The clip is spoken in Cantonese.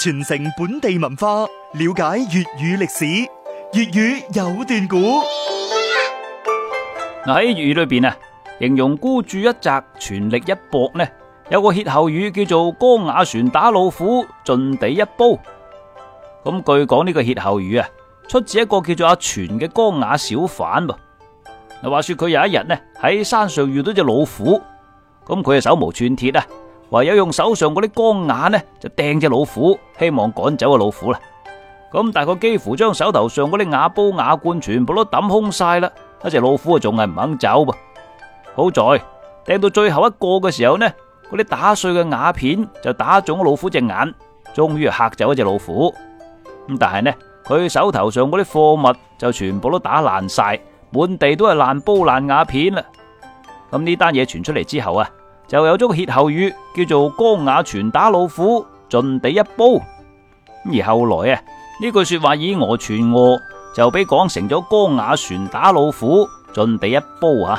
傳承本地文化，了解粵語歷史，粵語有段古。喺粵語 裏邊啊，形容孤注一擲、全力一搏呢，有個歇後語叫做缸瓦船打老虎，盡地一煲。咁據講呢個歇後語啊，出自一個叫做阿全嘅缸瓦小販噃。嗱，話說佢有一日呢喺山上遇到隻老虎，咁佢係手無寸鐵啊。唯有用手上嗰啲缸瓦呢，就掟隻老虎，希望趕走個老虎啦。咁但係佢幾乎將手頭上嗰啲瓦煲瓦罐，全部都抌空晒啦，一隻老虎啊仲係唔肯走噃。好在掟到最後一個嘅時候呢，嗰啲打碎嘅瓦片就打中老虎隻眼，終於嚇走一隻老虎。咁但係呢，佢手頭上嗰啲貨物就全部都打爛晒，滿地都係爛煲爛瓦片啦。咁呢單嘢傳出嚟之後啊。就有咗個歇後語，叫做缸瓦船打老虎，盡地一煲。咁而後來啊，呢句說話以訛傳訛，就俾講成咗缸瓦船打老虎，盡地一煲吓。